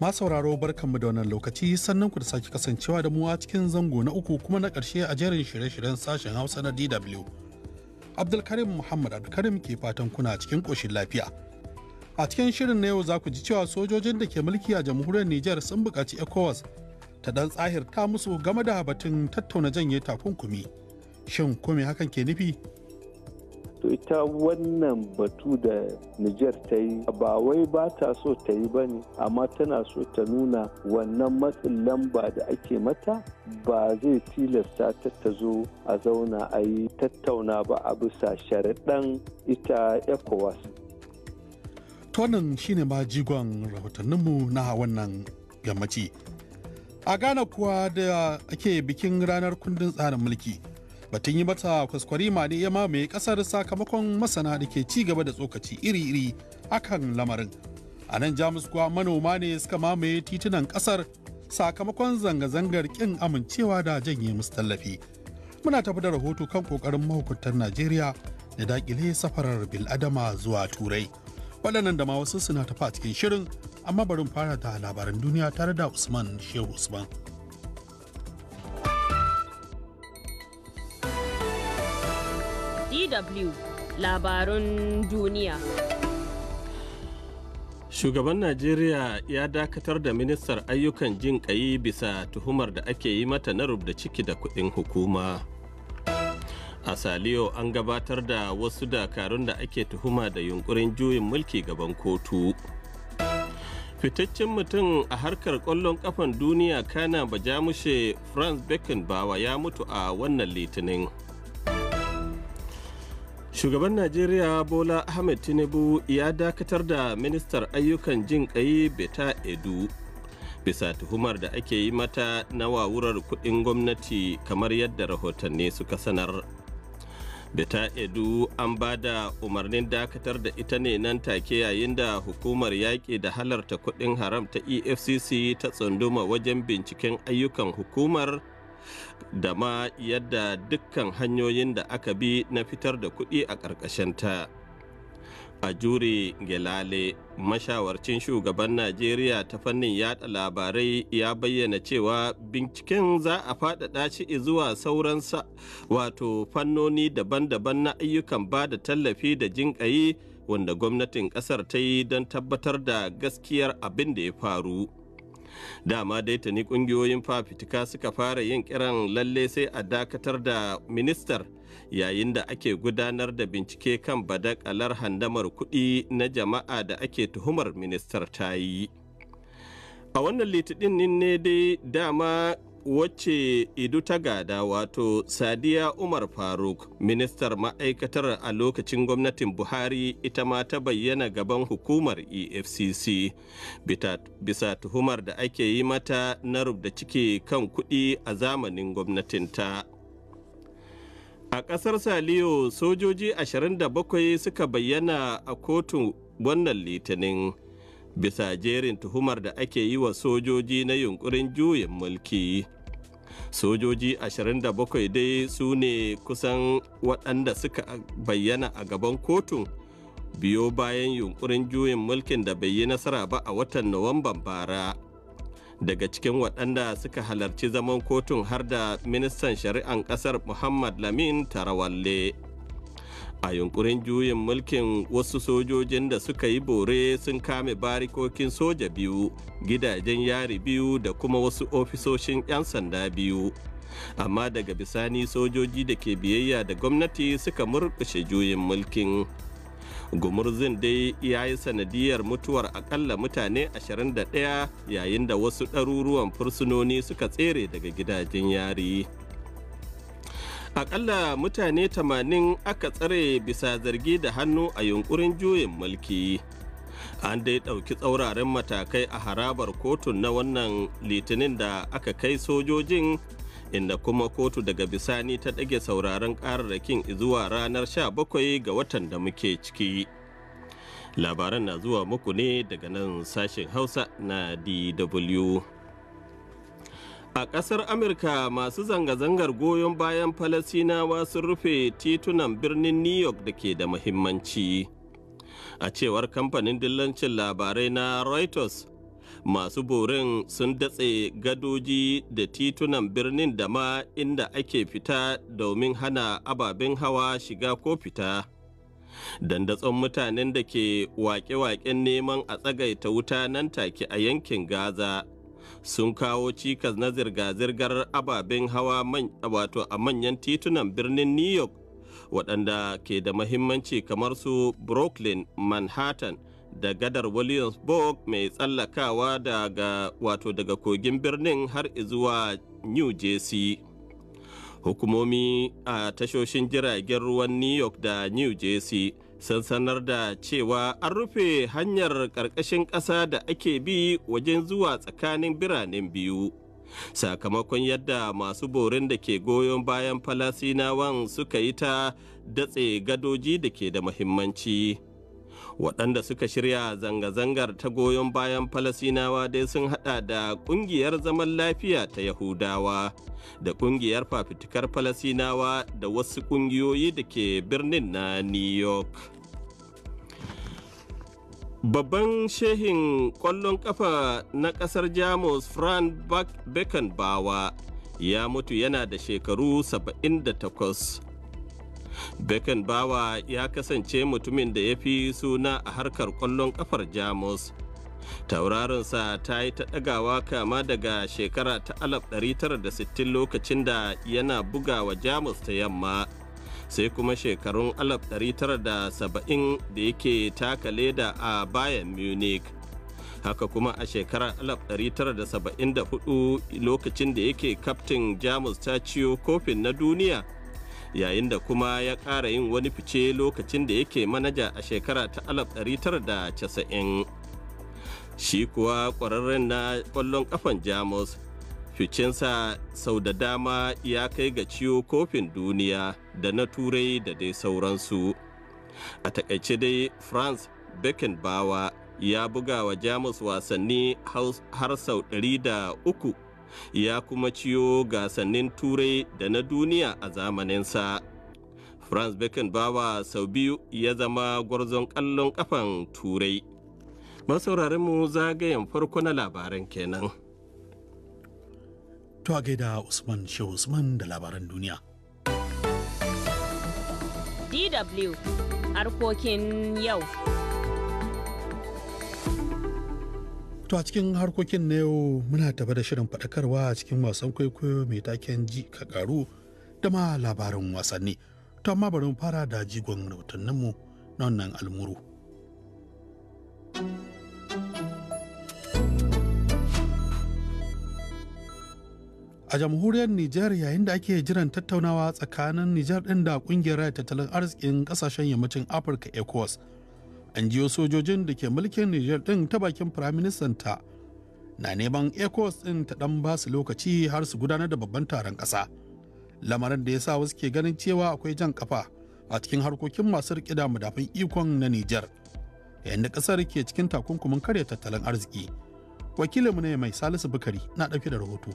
masauraro barkanmu da wannan lokaci sannan ku da sake kasancewa da mu a cikin zango na uku kuma na ƙarshe a jerin shirye-shiryen sashen hausa na dw abdulkarim muhammad abdulkarim ke fatan kuna cikin ƙoshin lafiya a cikin shirin na yau za ku ji cewa sojojin da ke mulki a jamhuriyar Nijar sun buƙaci ecowas ta dan tsahir ta musu game da batun tattauna janye takunkumi shin kome hakan ke nufi to ita wannan batu da Nijar ta yi ba wai ba ta so ta yi ba ne amma tana so ta nuna wannan matsin lamba da ake mata ba zai tilasta ta ta zo a zauna a yi tattauna ba a bisa sharaɗan ita ECOWAS. shi shine ma jigon rahotanninmu na wannan yammaci. A gane kuwa da ake bikin ranar kundin tsarin mulki. batun yi mata ma ne ya mamaye kasar sakamakon masana da ke ci gaba da tsokaci iri-iri akan lamarin a nan jamus kuwa manoma ne suka mamaye titunan kasar sakamakon zanga-zangar kin amincewa da janye musu tallafi muna tafi da rahoto kan kokarin mahukuntan najeriya da dakile safarar biladama zuwa turai waɗannan da ma wasu suna tafi cikin shirin amma bari fara da labaran duniya tare da usman shehu usman DW labarun duniya. Shugaban Najeriya ya dakatar da ministar ayyukan jin ƙayi bisa tuhumar da ake yi mata na rubda ciki da kuɗin hukuma. A Saliyo an gabatar da wasu dakarun da ake tuhuma da yunkurin juyin mulki gaban kotu. fitaccen mutum a harkar ƙwallon kafan duniya kana bajamushe franz beckenbauer ya mutu a wannan litinin shugaban najeriya bola ahmed tinubu ya dakatar da ministar ayyukan jin kai beta edu bisa tuhumar da ake yi mata na wurar kudin gwamnati kamar yadda rahotanni suka sanar beta edu an ba da umarnin dakatar da ita ne nan take yayin da hukumar yaƙi da halarta kudin haram ta efcc ta tsunduma wajen binciken ayyukan hukumar da ma yadda dukkan hanyoyin da aka bi na fitar da kuɗi a ƙarƙashinta. a jure gelale mashawarcin shugaban najeriya ta fannin yada labarai ya bayyana cewa binciken za a faɗaɗa shi zuwa sauran wato fannoni daban-daban na ayyukan ba da tallafi da jinƙayi wanda gwamnatin ƙasar ta yi don tabbatar da gaskiyar abin da ya faru. dama dai ta ni kungiyoyin fafitika suka fara yin kiran lalle sai a dakatar da ministar yayin da ake gudanar da bincike kan badakalar handamar kuɗi na jama'a da ake tuhumar ministar ta yi a wannan litinin ne dai dama wacce idu ta gada wato sadiya umar faruk ministar ma'aikatar a lokacin gwamnatin buhari ita ma ta bayyana gaban hukumar efcc bisa tuhumar da ake yi mata na rubda ciki kan kuɗi a zamanin gwamnatinta a ƙasar saliyo sojoji 27 suka bayyana a kotun wannan litinin bisa jerin tuhumar da ake yi wa sojoji na yunkurin juyin mulki sojoji 27 dai su ne kusan waɗanda suka bayyana a gaban kotun biyo bayan yunkurin juyin mulkin da bai yi nasara ba a watan nuwamban bara daga cikin waɗanda suka halarci zaman kotun har da ministan shari'an ƙasar muhammad lamin tarawalle a yunkurin juyin mulkin wasu sojojin da suka yi bore sun kame barikokin soja biyu gidajen yari biyu da kuma wasu ofisoshin 'yan sanda biyu amma daga bisani sojoji da ke biyayya da gwamnati suka murkushe juyin mulkin gumurzin dai ya yi sanadiyar mutuwar akalla mutane 21 yayin da wasu ɗaruruwan fursunoni suka tsere daga gidajen yari. Akalla mutane 80 aka tsare bisa zargi da hannu a yunkurin juyin mulki. An dai ɗauki tsauraran matakai a harabar kotu na wannan litinin da aka kai sojojin inda kuma kotu daga bisani ta ɗage sauraron ƙararrakin zuwa ranar 17 ga watan da muke ciki. Labaran na zuwa muku ne daga nan sashen Hausa na DW. A ƙasar Amurka masu zanga-zangar goyon bayan Falasinawa sun rufe titunan birnin New York da ke da muhimmanci. A cewar kamfanin dillancin labarai na Reuters, masu borin sun datse gadoji da titunan birnin da ma inda ake fita domin hana ababen hawa shiga ko fita. Dandatson mutanen da ke wake-waken neman a tsagaita wuta nan take a yankin Gaza. sun kawo cikas na zirga-zirgar ababen hawa wato a manyan titunan birnin new york waɗanda ke da mahimmanci kamar su brooklyn manhattan da gadar williamsburg mai tsallakawa daga wato daga kogin birnin har zuwa new jersey hukumomi a tashoshin jiragen ruwan new york da new jersey sun sanar da cewa an rufe hanyar ƙarƙashin ƙasa da ake bi wajen zuwa tsakanin biranen biyu sakamakon yadda masu borin da ke goyon bayan falasinawan suka yi ta datse gadoji da ke da muhimmanci waɗanda suka shirya zanga-zangar ta goyon bayan falasinawa dai sun hada da ƙungiyar zaman lafiya ta yahudawa da ƙungiyar fafitikar falasinawa da wasu ƙungiyoyi da ke birnin na new york Babban shehin ƙwallon ƙafa na ƙasar Jamus frank Beckenbauer ya mutu yana da shekaru 78 Bawa ya kasance mutumin da ya fi suna a harkar kwallon ƙafar Jamus. Taurarinsa ta yi ta ɗagawa kama daga shekara ta 1960 lokacin da yana bugawa Jamus ta yamma. sai kuma shekarun 1970 da yake taka leda a bayan munich haka kuma a shekarar 1974 lokacin da yake kaftin jamus ta ciyo kofin na duniya yayin da kuma ya ƙara yin wani fice lokacin da yake manaja a shekara ta 1990 shi kuwa ƙwararren na ƙwallon ƙafan jamus ficensa sau da dama ya kai ga ciwo kofin duniya da na turai da dai sauransu a takaice dai france beckenbauer ya buga wa jamus wasanni har sau 300 ya kuma ciyo gasannin turai da na duniya a zamaninsa franz beckenbauer sau biyu ya zama gwarzon kallon kafan turai masaurarinmu zagayen farko na labaran kenan to a gaida usman shehu usman da labaran duniya dw harkokin yau To a cikin harkokin na yau muna tafa da shirin faɗakarwa a cikin wasan kwaikwayo mai taken ji ka ƙaru da ma labarin wasanni. To amma bari mu fara da jigon rahotanninmu na wannan almuru. A jamhuriyar Nijar yayin da ake jiran tattaunawa tsakanin Nijar ɗin da ƙungiyar tattalin arzikin ƙasashen yammacin Afirka ECOWAS. an jiyo sojojin da ke mulkin Nijar ɗin ta bakin ta na neman ecos ɗin ta ɗan ba su lokaci har su gudanar da babban taron ƙasa lamarin da ya sa wasu ke ganin cewa akwai jan kafa a cikin harkokin masu riƙe da madafin ikon na Nijar yayin da ƙasar ke cikin takunkumin karya tattalin arziki wakilinmu ne mai salisu bukari na ɗauke da rahoto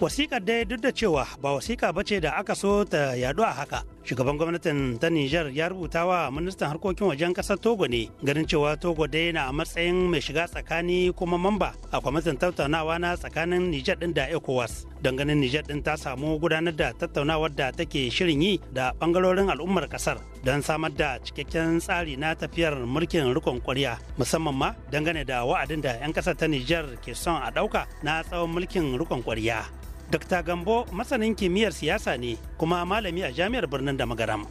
wasikar dai duk da cewa ba wasika ce da aka so ta yaɗu a haka shugaban gwamnatin ta Nijar ya rubuta wa ministan harkokin wajen kasar Togo ne ganin cewa Togo dai na a matsayin mai shiga tsakani kuma mamba a kwamitin tattaunawa na tsakanin Nijar din da ECOWAS don ganin Nijar din ta samu gudanar da tattaunawar da take shirin yi da bangarorin al'ummar kasar don samar da cikakken tsari na tafiyar mulkin rikon kwarya musamman ma dangane da wa'adin da 'yan kasar ta Nijar ke son a ɗauka na tsawon mulkin rikon kwarya. Dr. Gambo masanin kimiyyar siyasa ne kuma malami a jami'ar birnin da magaram.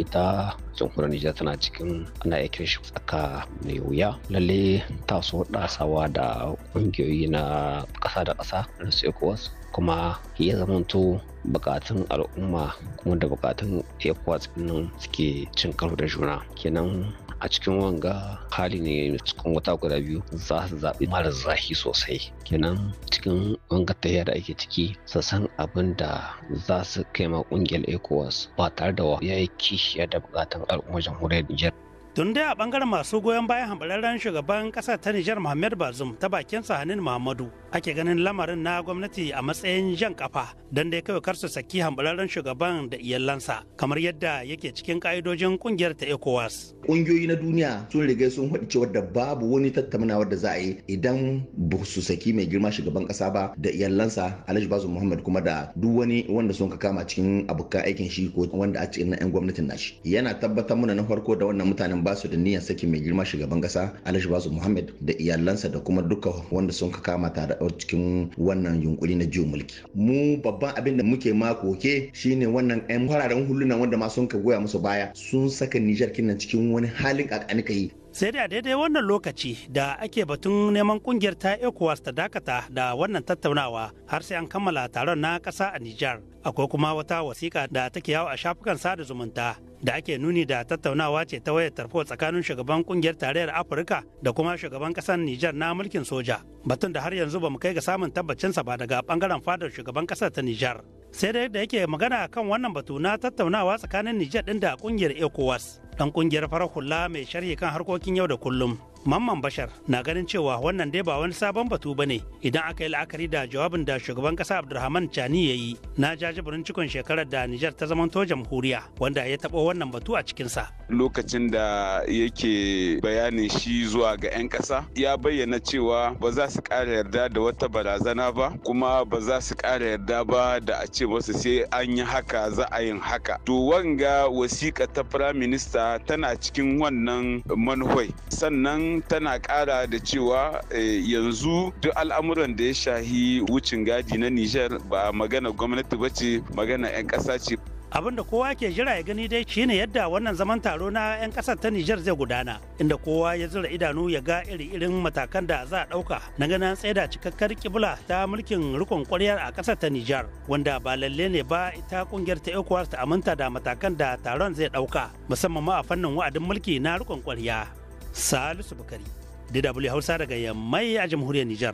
ita jamhuriyar Nijar tana cikin ana iya tsaka mai wuya lalle ta so dasawa da ƙungiyoyi na ƙasa da ƙasa da su ECOWAS kuma ya zamanto bukatun al'umma kuma da bukatun ECOWAS nan suke cin karo da juna kenan a cikin wanga hali ne cikin wata guda biyu za su zaɓi mara zafi sosai kenan cikin wanga ta da ake ciki su san abin da za su kai ma ƙungiyar ecowas ba tare da wa ya yi kishiyar da buƙatar al'ummar jamhuriyar nijar tun dai a bangaren masu goyon bayan hambararren shugaban kasar ta nijar muhammad bazum ta bakin sahanin muhammadu ake ganin lamarin na gwamnati a matsayin jan kafa don dai kai kawai karsu saki hambararren shugaban da iyalansa kamar yadda yake cikin ka'idojin kungiyar ta ecowas kungiyoyi na duniya sun riga sun haɗu cewa da babu wani tattaunawar da za a yi idan ba su saki mai girma shugaban kasa ba da iyalansa alhaji bazum muhammad kuma da duk wani wanda sun ka kama cikin abokan aikin shi ko wanda a cikin 'yan gwamnatin nashi yana tabbatar mana na farko da wannan mutanen Basu ba su da niyyar saki mai girma shugaban kasa alhaji bazu muhammad da iyalansa da kuma duka wanda sun ka kama tare cikin wannan yunkuri na jiyo mulki mu babban abin da muke ma koke shine wannan yan fararen hulunan wanda ma sun ka goya musu baya sun saka nijar kinan cikin wani halin kakani yi sai dai a daidai wannan lokaci da ake batun neman kungiyar ta ecowas ta dakata da wannan tattaunawa har sai an kammala taron na ƙasa a nijar akwai kuma wata wasiƙa da take yawo a shafukan sada zumunta da ake nuni da tattaunawa ce ta wayar tarfo tsakanin shugaban kungiyar tarayyar afirka da kuma shugaban ƙasar nijar na mulkin soja batun da har yanzu bamu kai ga samun tabbacinsa ba daga bangaren fadar shugaban ƙasa ta nijar sai dai da yake magana kan wannan batu na tattaunawa tsakanin nijar ɗin da ƙungiyar ecowas ɗan ƙungiyar farar hula mai sharhi kan harkokin yau da kullum Mamman Bashar na ganin cewa wannan dai ba wani sabon batu ba ne idan aka yi la'akari da jawabin da shugaban kasa Abdulrahman Chani ya yi na jajibirin cikon shekarar da Nijar ta zamanto jamhuriya wanda ya taɓo wannan batu a cikinsa. Lokacin da yake bayanin shi zuwa ga 'yan ƙasa ya bayyana cewa ba za su ƙara yarda da wata barazana ba kuma ba za su ƙara yarda ba da a ce wasu sai an yi haka za a yin haka. To wanga wasiƙa ta Firaminista tana cikin wannan manuhai sannan tana kara da cewa eh, yanzu duk al'amuran da ya shahi wucin gadi na Nijar ba magana gwamnati ba ce magana 'yan ƙasa ce. abin da kowa ke jira ya gani dai shine yadda wannan zaman taro na 'yan kasar ta Nijar zai gudana inda kowa ya zira idanu ya ga iri-irin matakan da za a ɗauka na ganin tsaida cikakkar kibla ta mulkin rikon kwaryar a kasar ta Nijar wanda ba lalle ne ba ita kungiyar ta ECOWAS ta aminta da matakan da taron zai ɗauka musamman ma a fannin wa'adin mulki na rikon kwarya. Salisu Bukari, DW Hausa daga Yammai a jamhuriyar Nijar.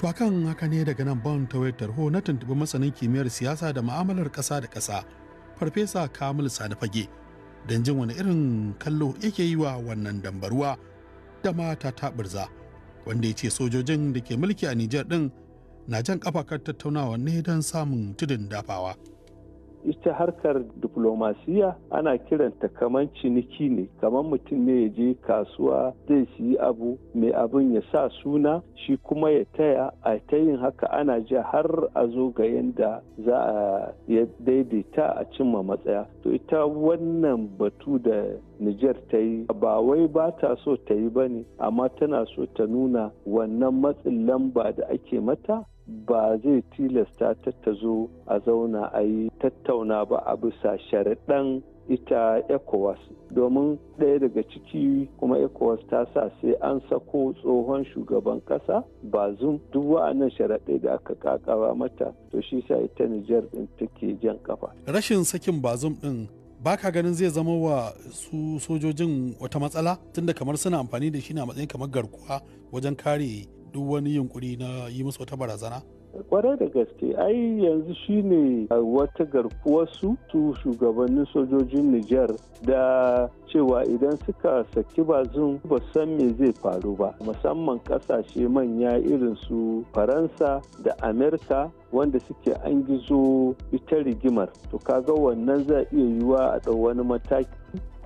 To kan haka ne daga nan ban ta wayar tarho na tuntuɓi masanin kimiyyar siyasa da ma'amalar ƙasa da ƙasa, Farfesa Kamil Sani Fage, don jin wani irin kallo yake yi wa wannan dambaruwa da mata ta birza, wanda ya ce sojojin da ke mulki a Nijar ɗin na jan kafakar tattaunawa ne don samun tudun dafawa. ita harkar diplomasiya ana kiranta kamar ciniki ne kamar mutum ne ya je kasuwa zai siyi abu mai abin ya sa suna shi kuma ya taya a ta yin haka ana ji har a zo ga yadda za a daidaita a cimma matsaya to ita wannan batu da Nijar ta yi ba wai ba ta so ta yi ba ne amma tana so ta nuna wannan matsin lamba da ake mata ba zai tilasta ta ta zo a zauna a yi tattauna ba a bisa sharaɗan ita ECOWAS domin ɗaya daga ciki kuma ECOWAS ta sa sai an sako tsohon shugaban ƙasa bazum duk wa'annan sharaɗai da aka kakawa mata to shi sa ita Nijar ɗin take jan kafa. Rashin sakin bazum ɗin baka ganin zai zama wa su sojojin wata matsala tunda kamar suna amfani da shi na matsayin kamar garkuwa wajen kare duk wani yunkuri na yi musu wata barazana? kwarai da gaske ai yanzu shine wata garkuwar su shugabannin sojojin Nijar da cewa idan suka saki bazin ba san me zai faru ba musamman kasashe manya irin su faransa da amerika wanda suke an gizo ita rigimar to kaga wannan za iya yiwuwa a da wani mataki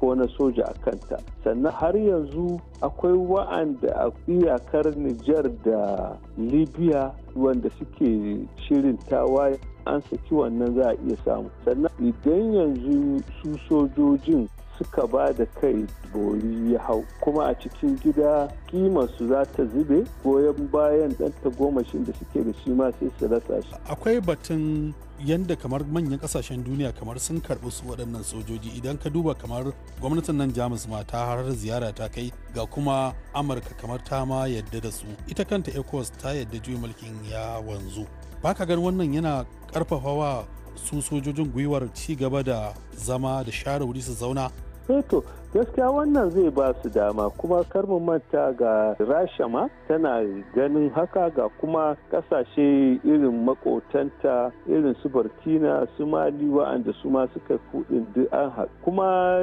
ko na soja a kanta sannan har yanzu akwai wa'anda a iyakar Nijar da libya wanda suke shirin tawaye an saki wannan za a iya samu sannan idan yanzu su sojojin suka ba da kai bori ya hau kuma a cikin gida kimarsu za ta zube goyon bayan goma tagomashin da suke da shi ma sai su rasa shi akwai batun yadda kamar manyan kasashen duniya kamar sun karɓi su waɗannan sojoji idan ka duba kamar gwamnatin nan jamus ma ta har ziyara ta kai ga kuma amurka kamar ta ma yadda da su ita kanta ecos ta yadda juyin mulkin ya wanzu ba ka gan wannan yana karfafa wa su sojojin gwiwar ci gaba da zama da share wuri su zauna Eh to gaskiya wannan zai ba su dama kuma karmin manta ga rasha ma tana ganin haka ga kuma kasashe irin makotanta irin su burkina su mali wa'anda su ma suka kudin duk kuma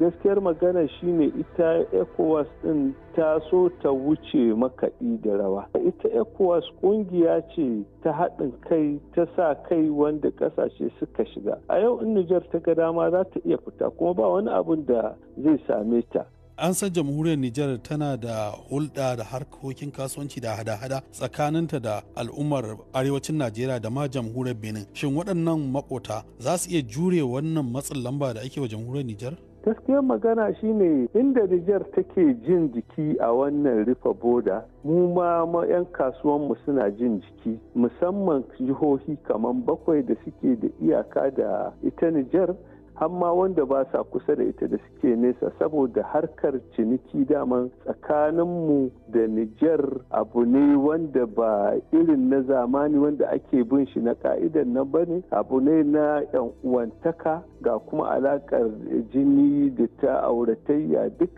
gaskiyar magana shine ita ecowas din ta so ta wuce makaɗi da rawa ita ecowas ƙungiya ce ta haɗin kai ta sa kai wanda ƙasashe suka shiga a yau in nijar ta ga dama za ta iya fita kuma ba wani abin da zai same ta an san jamhuriyar Nijar tana da hulɗa da harkokin kasuwanci da hada-hada tsakaninta da al'ummar arewacin Najeriya da ma jamhuriyar Benin. Shin waɗannan makota za su iya jure wannan matsin lamba da ake wa jamhuriyar Nijar? gaskiyar magana shine inda Nijar take jin jiki a wannan rufe boda mu ma 'yan kasuwanmu suna jin jiki musamman jihohi kamar bakwai da suke da iyaka da ita Nijar hamma wanda ba sa kusa da ita da suke nesa saboda harkar ciniki daman tsakaninmu da Nijar abu ne wanda ba irin na zamani wanda ake bin shi na ka'idan nan ba ne abu ne na 'yan uwantaka ga kuma alakar jini da ta auratayya duk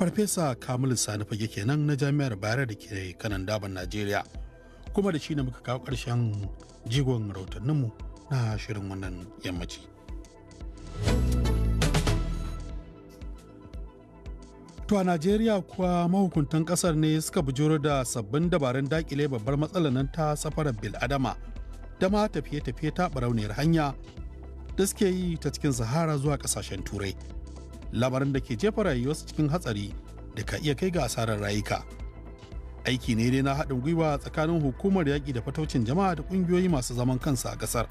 Farfesa Kamilu Sani fage kenan na Jami'ar bayar da ke kanan daban Najeriya. Kuma da shi ne muka kawo ƙarshen jigon rahotanninmu na shirin wannan yammaci. To a Najeriya kuwa mahukuntan kasar ne suka bujuro da sabbin dabarun dakile babbar matsalar nan ta safarar bil'adama da ma tafiye-tafiye ta barauniyar hanya da suke yi ta cikin sahara zuwa kasashen turai. Labarin da ke jefa rayuwarsu cikin hatsari da ka iya kai ga asarar rayuka. Aiki ne dai na haɗin gwiwa tsakanin hukumar yaƙi da fataucin jama'a da ƙungiyoyi masu zaman kansa a ƙasar.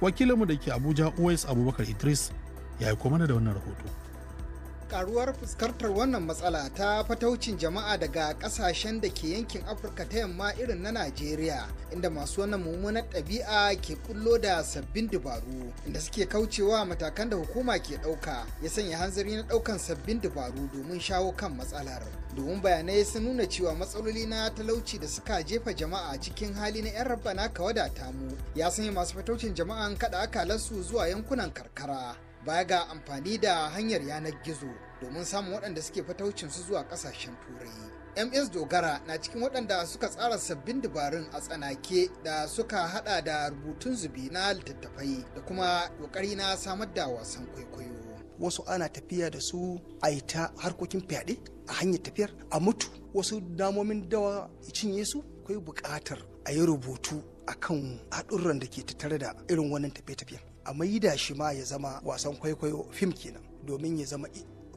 wakilinmu da ke abuja uwais abubakar idris ya yi mana da wannan rahoto karuwar fuskantar wannan matsala ta fataucin jama'a daga kasashen da ke yankin afirka ta yamma irin na najeriya inda masu wannan mummunar ɗabi'a ke kullo da sabbin dabaru inda suke kaucewa matakan da hukuma ke ɗauka ya sanya hanzari na ɗaukan sabbin dabaru domin shawo kan matsalar domin bayanai sun nuna cewa matsaloli na talauci da suka jefa jama'a cikin hali na 'yan rabbana ka wadata mu ya sanya masu fataucin jama'an kaɗa akalansu zuwa yankunan karkara baya ga amfani da hanyar yanar gizo domin samun waɗanda suke fataucin su zuwa ƙasashen turai ms dogara na cikin waɗanda suka tsara sabbin dabarun a tsanake da suka haɗa da rubutun zubi na littattafai da kuma ƙoƙari na samar da wasan kwaikwayo wasu ana tafiya da su a yi ta harkokin fyaɗe a hanyar tafiyar a mutu wasu damomin dawa cinye su akwai buƙatar a yi rubutu akan haɗurran da ke tattare da irin wannan tafiye tafiyar a maida shi ma ya zama wasan kwaikwayo fim kenan domin ya zama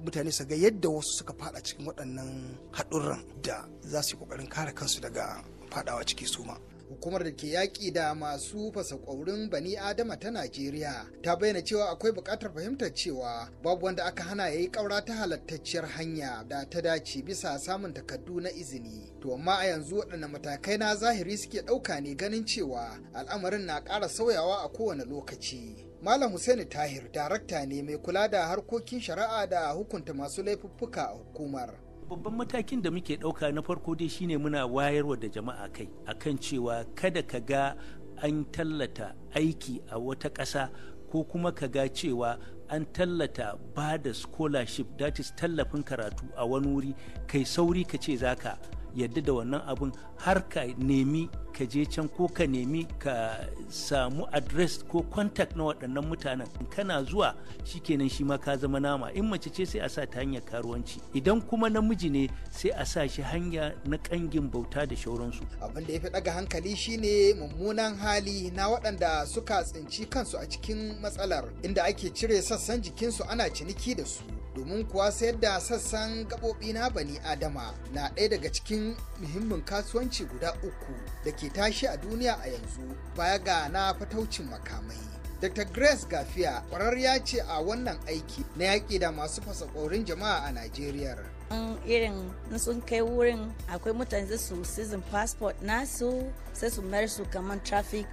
mutane su ga yadda wasu suka fada cikin waɗannan haɗurran da za su yi ƙoƙarin kare kansu daga fadawa ciki su ma. hukumar da ke yaƙi da masu fasa ƙwaurin bani adama ta najeriya ta bayyana cewa akwai buƙatar fahimtar cewa babu wanda aka hana ya yi ƙaura ta halattacciyar hanya da ta dace bisa samun takardu na izini to amma a yanzu waɗanne matakai na zahiri suke ɗauka ne ganin cewa al'amarin na ƙara sauyawa a kowane lokaci Malam Hussaini Tahir darakta ne mai kula da harkokin shari'a da hukunta masu laifuffuka a hukumar. babban matakin da muke ɗauka na farko dai shine muna wayarwa da jama'a kai akan cewa kada ka ga an tallata aiki a wata ƙasa ko kuma ka ga cewa an tallata ba da scholarship that is tallafin karatu a wani wuri kai sauri ka ce zaka yadda da wannan abun har ka nemi ka je can ko ka nemi ka samu adres ko contact na waɗannan mutanen kana zuwa shikenan shi ma ka zama nama in mace ce sai a sa ta hanyar karuwanci idan kuma namiji ne sai a sa shi hanya na kangin bauta da shauransu abin da ya fi ɗaga hankali shine mummunan hali na waɗanda suka tsinci kansu a cikin matsalar inda ake cire sassan jikinsu ana ciniki da su domin kuwa sayar da sassan gaɓoɓi na bani adama na ɗaya daga cikin muhimmin kasuwanci guda uku da ke tashi a duniya a yanzu baya ga na fataucin makamai. Dr. Grace Gafiya ƙwararriya ce a wannan aiki na yaƙi da masu fasa jama'a a Najeriya. in irin na sun kai wurin akwai mutane su season passport nasu sai su mayar su kamar traffic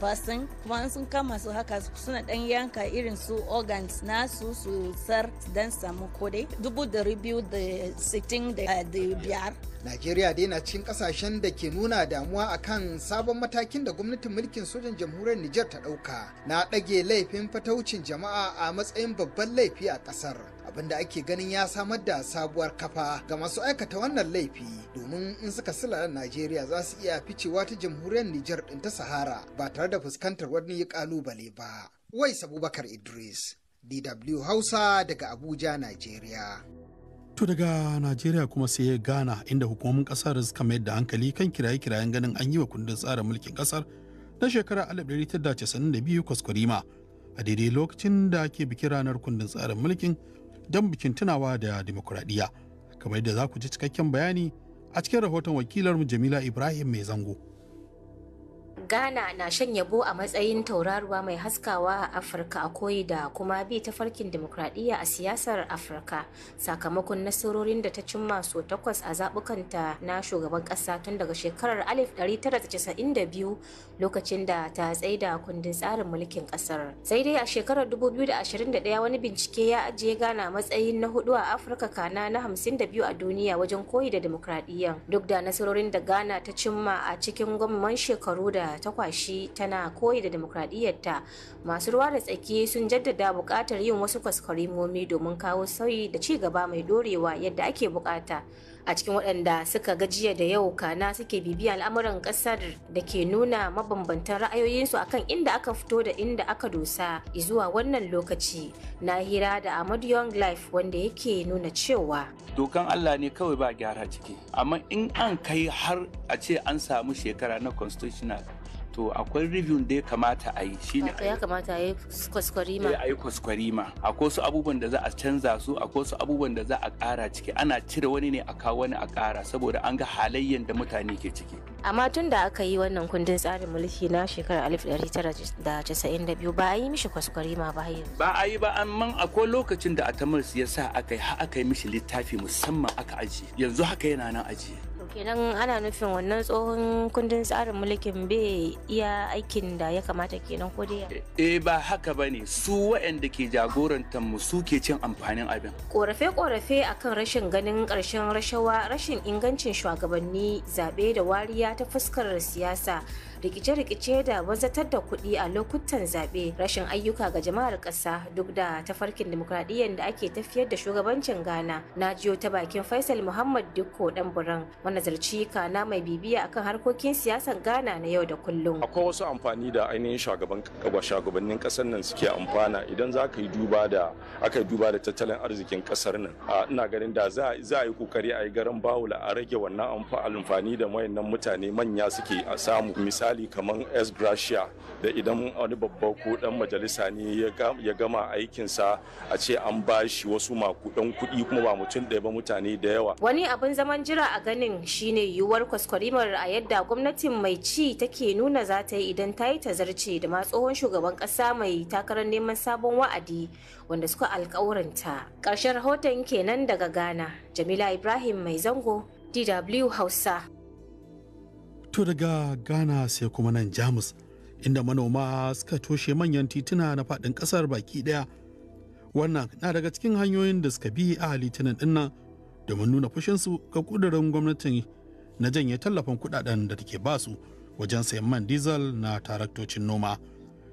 person kuma an sun kama su haka suna dan yanka irin su organs nasu su sar dan samu kodai dubu da biyu da sittin eh, da biyar Najeriya dai na cikin kasashen da ke nuna damuwa akan sabon matakin da gwamnatin mulkin sojan jamhuriyar Nijar ta ɗauka na ɗage laifin fataucin jama'a a matsayin babban laifi a ƙasar. abinda ake ganin ya samar da sabuwar kafa ga masu aikata wannan laifi domin in suka sila Najeriya za su iya ficewa ta jamhuriyar Nijar ɗin ta Sahara ba tare da fuskantar wani kalubale ba. Wai Abubakar Idris, DW Hausa daga Abuja, Najeriya. To daga Najeriya kuma sai ya gana inda hukumomin kasar suka mayar da hankali kan kiraye-kirayen ganin an yi wa kundin tsarin mulkin kasar na shekarar 1992 kwaskwarima a daidai lokacin da ake bikin ranar kundin tsarin mulkin don bikin tunawa da demokuraɗiyya kamar yadda za ku ji cikakken bayani a cikin rahoton wakilarmu jamila ibrahim mai zango Ghana na shan yabo a matsayin tauraruwa mai haskawa a Afirka a koyi da kuma bi tafarkin demokradiyya a siyasar Afirka sakamakon nasarorin da ta cimma so takwas a zabukanta na shugaban kasa tun daga shekarar 1992 lokacin da ta tsaye da kundin tsarin mulkin ƙasar. Sai dai a shekarar 2021 wani bincike ya ajiye Ghana matsayin na hudu a Afirka kana na 52 a duniya wajen koyi da demokradiyya duk da nasarorin da Ghana ta cimma a cikin gwamman shekaru da ta kwashi tana koyi da demokradiyyarta masu ruwa da tsaki sun jaddada bukatar yin wasu kwaskwarimomi domin kawo sauyi da ci gaba mai dorewa yadda ake buƙata a cikin waɗanda suka gajiya da yau kana suke bibiya al'amuran ƙasar da ke nuna mabambantan ra'ayoyinsu akan inda aka fito da inda aka dosa zuwa wannan lokaci na hira da Ahmad Young Life wanda yake nuna cewa dokan Allah ne kawai ba gyara ciki amma in an kai har a ce an samu shekara na constitutional to akwai review da ya kamata a yi shine ya kamata a yi kwaskwarima eh, a yi kwaskwarima akwai su abubuwan da za a canza su akwai su abubuwan da za a ƙara ciki ana cire wani ne a kawo wani a ƙara saboda an ga halayyan da mutane ke ciki amma tun da aka yi wannan kundin tsarin mulki na shekarar 1992 ba a yi mishi kwaskwarima ba yi ba a yi ba amma akwai lokacin da atamar ya sa aka yi aka yi mishi littafi musamman aka ajiye yanzu haka yana nan ajiye kenan ana nufin wannan tsohon kundin tsarin mulkin bai iya aikin da ya kamata kenan ko dai eh ba haka ba ne su waɗanda ke jagorantar mu su ke cin amfanin abin korafe korafe akan rashin ganin ƙarshen rashawa rashin ingancin shugabanni zaɓe da wariya ta fuskar siyasa rikice-rikice da wanzatar da kuɗi a lokutan zaɓe rashin ayyuka ga jama'ar ƙasa duk da tafarkin dimokuraɗiyyar da ake tafiyar da shugabancin ghana na jiyo ta bakin faisal muhammad dikko dan buran manazarci kana mai bibiya akan harkokin siyasar ghana na yau da kullum akwai wasu amfani da ainihin shugabannin ƙasar nan suke amfana idan za ka yi duba da aka duba da tattalin arzikin ƙasar nan ina ganin da za a yi kokari a yi garin bawula a rage wannan amfani da wayannan mutane manya suke a samu misali misali kamar s gracia da idan wani babba ko dan majalisa ne ya gama aikinsa a ce an ba shi wasu makudan kudi kuma ba mutum ɗaya ba mutane da yawa wani abin zaman jira a ganin shine yiwuwar kwaskwarimar a yadda gwamnatin mai ci take nuna za ta yi idan ta yi tazarce da ma tsohon shugaban ƙasa mai takarar neman sabon wa'adi wanda suka alkawuranta ƙarshen rahoton kenan daga ghana jamila ibrahim mai zango dw hausa to daga ghana sai kuma nan jamus inda manoma suka toshe manyan tituna na fadin kasar baki daya wannan na daga cikin hanyoyin da suka bi a litinin dinnan domin nuna fushinsu ga kudurin gwamnatin na janye tallafin kudaden da take basu wajen sayan man diesel na taraktocin noma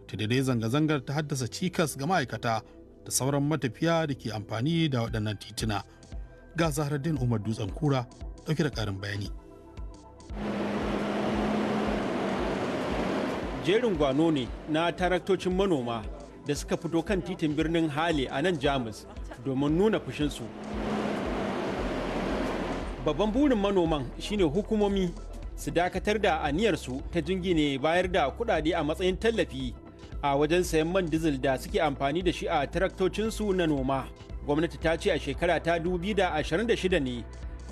daidai zanga-zangar ta haddasa cikas ga ma'aikata da sauran matafiya da ke amfani da waɗannan tituna ga zahraddin umar dutsen kura ɗauke da ƙarin bayani jerin gwano ne na taraktocin manoma da suka fito kan titin birnin hali a nan jamus domin nuna fushinsu babban burin manoman shine hukumomi su dakatar da aniyarsu ta jingine bayar da kudade a matsayin tallafi a wajen sayan man dizil da suke amfani da shi a taraktocinsu na noma gwamnati ta ce a shekara ta 2026 ne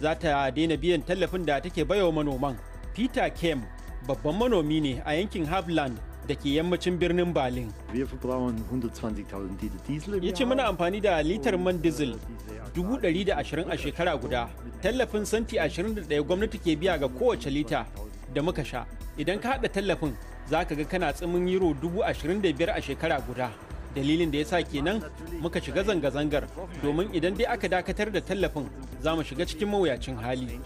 za ta daina biyan tallafin da take baiwa manoman peter kemp babban manomi ne a yankin Havland da ke yammacin birnin Berlin. Ya ce muna amfani da litar man diesel 120 a shekara guda, tallafin santi 21 gwamnati ke biya ga kowace lita da muka sha. Idan ka haɗa tallafin, za ka ga kana tsimin euro biyar a shekara guda. dalilin da ya sa kenan muka shiga zanga-zangar domin idan dai aka dakatar da tallafin za mu shiga cikin mawuyacin hali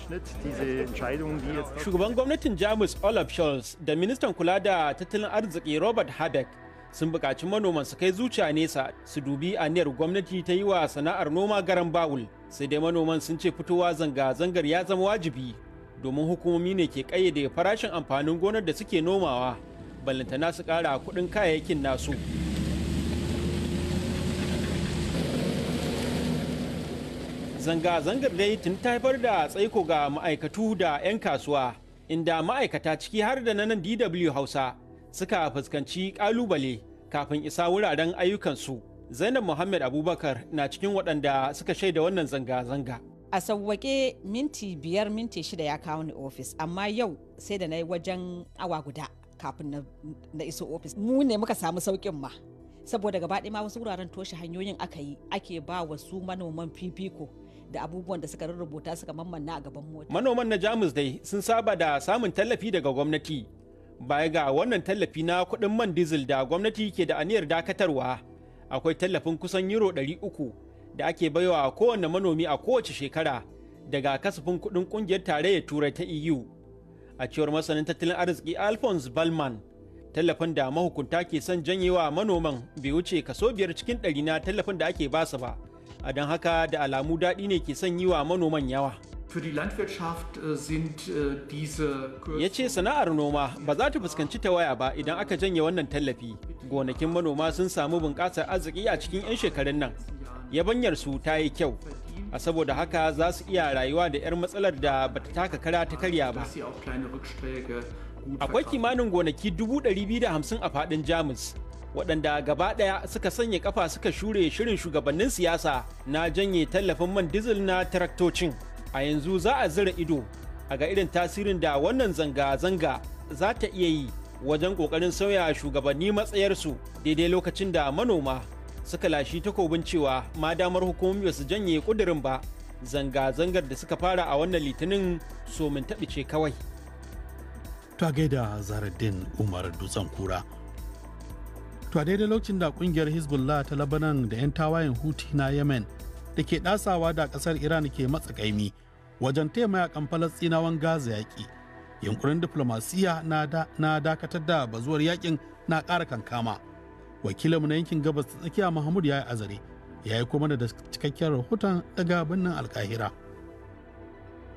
shugaban gwamnatin jamus olaf scholz da ministan kula da tattalin arziki robert habeck sun buƙaci manoman su kai zuciya nesa su dubi aniyar gwamnati ta yi wa sana'ar noma garan bawul sai dai manoman sun ce fitowa zanga-zangar ya zama wajibi domin hukumomi ne ke ƙayyade farashin amfanin gonar da suke nomawa ballantana su ƙara kuɗin kayayyakin nasu. Zanga-zangar dai tun ta haifar da tsaiko ga ma'aikatu da 'yan kasuwa, inda ma'aikata ciki har da na nan DW Hausa suka fuskanci kalubale kafin isa wuraren ayyukansu. Zainab Muhammad Abubakar na cikin waɗanda suka shaida wannan zanga-zanga. A sauwaƙe minti biyar minti shida ya kawo ni ofis, amma yau sai da na yi wajen awa guda kafin na iso ofis. Mu ne muka samu sauƙin ma. saboda gaba ɗaya ma wasu wuraren toshe hanyoyin aka yi ake ba wasu manoman fifiko da abubuwan da suka rubuta suka mammanna a gaban mota. Manoman na Jamus dai sun saba da samun tallafi daga gwamnati. Baya ga wannan tallafi na kuɗin man diesel da gwamnati ke da aniyar dakatarwa, akwai tallafin kusan euro 300 da ake baiwa kowane manomi a kowace shekara daga kasafin kuɗin ƙungiyar tarayyar Turai ta EU. A cewar masanin tattalin arziki Alphonse Balman, tallafin da mahukunta ke son janyewa manoman bai wuce kaso biyar cikin ɗari na tallafin da ake basu ba. a don haka da alamu daɗi ne ke son yi wa manoman yawa äh, äh, ya ce sana'ar noma ba za ta fuskanci tawaya ba idan aka janye wannan tallafi gonakin manoma sun samu bunƙasar arziki a cikin 'yan shekarun nan yabanyar su ta yi kyau a saboda haka za su iya rayuwa da 'yar matsalar da ba ta taka kara ta karya ba akwai kimanin gonaki 250 a faɗin jamus waɗanda gaba ɗaya suka sanya kafa suka shure shirin shugabannin siyasa na janye tallafin man dizil na taraktocin a yanzu za a zira ido a ga irin tasirin da wannan zanga-zanga za ta iya yi wajen ƙoƙarin sauya shugabanni matsayarsu daidai lokacin da manoma suka lashi takobin cewa ma damar hukumomi ba su janye ƙudurin ba zanga-zangar da suka fara a wannan litinin so min taɓice kawai. Ta gaida Umar Dutsen Kura. to a daidai lokacin da kungiyar hezbollah ta labanan da 'yan tawayen hutu na yemen da ke dasawa da kasar iran ke matsa kaimi wajen taya mayakan falastinawan gaza yaƙi yunkurin diflomasiyya na dakatar da bazuwar yakin na ƙara kankama wakilinmu na yankin gabas ta tsakiya mahmud ya yi azare ya yi kuma da cikakken rahoton daga birnin alkahira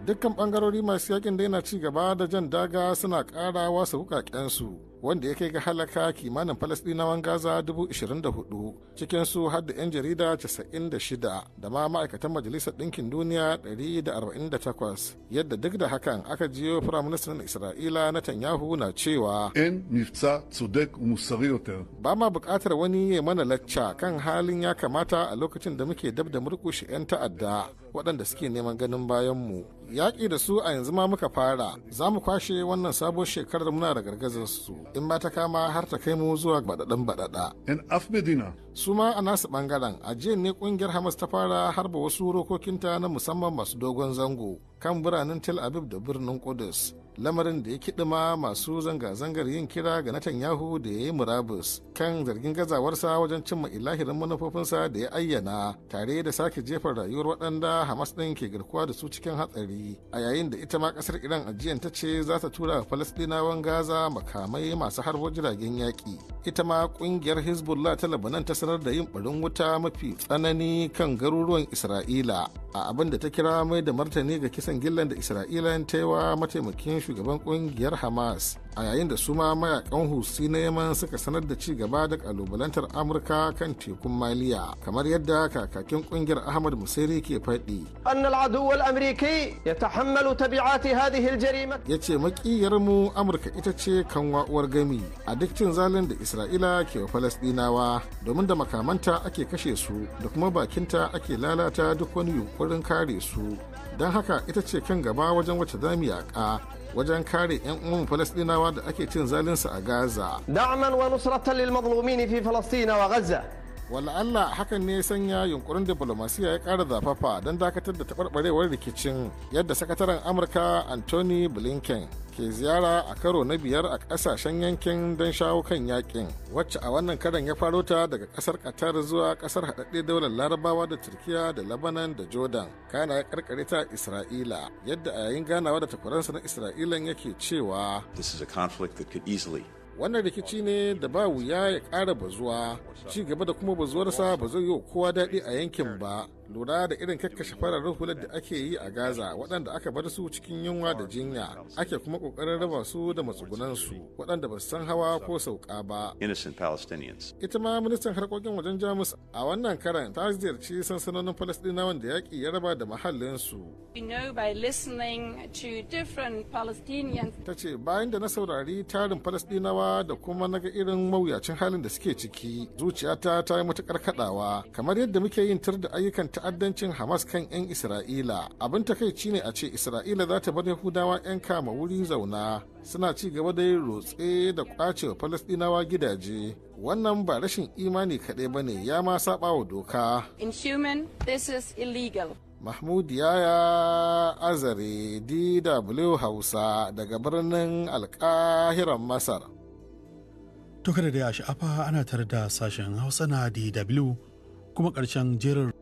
dukkan bangarori masu yakin da yana ci gaba da jan daga suna ƙara wasu su. wanda ya kai ga halaka kimanin falasɗinawan gaza 24,000 cikinsu har da 'yan jarida 96 da ma ma'aikatan majalisar ɗinkin duniya 148 yadda duk da hakan aka jiyo firaministan isra'ila na tanyahu na cewa ba ma buƙatar wani ya mana lacca kan halin ya kamata a lokacin da muke dab da murƙushe 'yan ta'adda waɗanda suke neman ganin bayanmu yaƙi da su a yanzu ma muka fara za mu kwashe wannan sabon shekarar muna da gargazar su in ba ta kama har ta kai mu zuwa baɗaɗan baɗaɗa. in afmedina su ma a nasu bangaren a ne kungiyar hamas ta fara harba wasu rokokinta na musamman masu dogon zango kan biranen tel aviv da birnin kudus lamarin da ya kiɗima masu zanga-zangar yin kira ga Netanyahu da ya yi murabus kan zargin gazawarsa wajen cimma ilahirin manufofinsa da ya ayyana tare da sake jefar rayuwar waɗanda Hamas ɗin ke garkuwa da su cikin hatsari a yayin da ita ma ƙasar Iran ajiyan ta ce za ta tura ga Falasɗinawan Gaza makamai masu harbo jiragen yaƙi ita ma ƙungiyar Hezbollah ta labanan ta sanar da yin barin wuta mafi tsanani kan garuruwan isra'ila a abin da ta kira mai da martani ga kisan gillan da isra'ila ta yi wa mataimakin shugaban kungiyar hamas a yayin da su ma mayakan husi na yaman suka sanar da ci gaba da kalubalantar amurka kan tekun maliya kamar yadda kakakin kungiyar ahmad musairi ke faɗi ya ce makiyar mu amurka ita ce kan wa'uwar gami a duk cin zalin da isra'ila ke wa falasɗinawa domin da makamanta ake kashe su da kuma bakinta ake lalata duk wani yunkurin kare su don haka ita ce kan gaba wajen wacce zamu yaƙa wajen kare 'yan uwan falastinawa da ake cin zalinsa a gaza da'man wa nusratan lil mazlumin fi falastin wa gaza Allah hakan ne sanya yunkurin diplomasiya ya ƙara zafafa don dakatar da taɓarɓarewar rikicin yadda sakataren amurka anthony blinken ke ziyara a karo na biyar a kasashen yankin don shawo kan yakin wacce a wannan karan ya faro ta daga kasar qatar zuwa kasar haɗaɗɗe daular larabawa da turkiya da labanan da jordan kana ya karkare ta isra'ila yadda a yayin ganawa da takwaransa na isra'ilan yake cewa this is wannan rikici ne da ba wuya ya kara bazuwa ci gaba da kuma bazuwarsa ba zai yi kowa daɗi a yankin ba lura da irin kakkashe fararen hular da ake yi a gaza waɗanda aka bar su cikin yunwa da jinya ake kuma ƙoƙarin raba su da matsugunansu waɗanda ba su san hawa ko sauka ba ita ma ministan harkokin wajen jamus a wannan karan ta ziyarci sansanonin falasɗinawan da yaƙi ya raba da mahallinsu ta ce bayan da na saurari tarin falasɗinawa da kuma naga irin mawuyacin halin da suke ciki zuciyata ta yi matuƙar kaɗawa kamar yadda muke yin tar da ayyukan ta ta'addancin hamas kan 'yan isra'ila abin takaici ne a ce isra'ila za ta bar yahudawa 'yan kama wuri zauna suna ci gaba da yin rotse da kwace wa falasdinawa gidaje wannan ba rashin imani kaɗai ba ne ya ma saba wa doka inhuman this is illegal mahmud yaya azare dw hausa daga birnin alkahiran masar to da ya sha'afa ana tare da sashen hausa na dw kuma ƙarshen jerin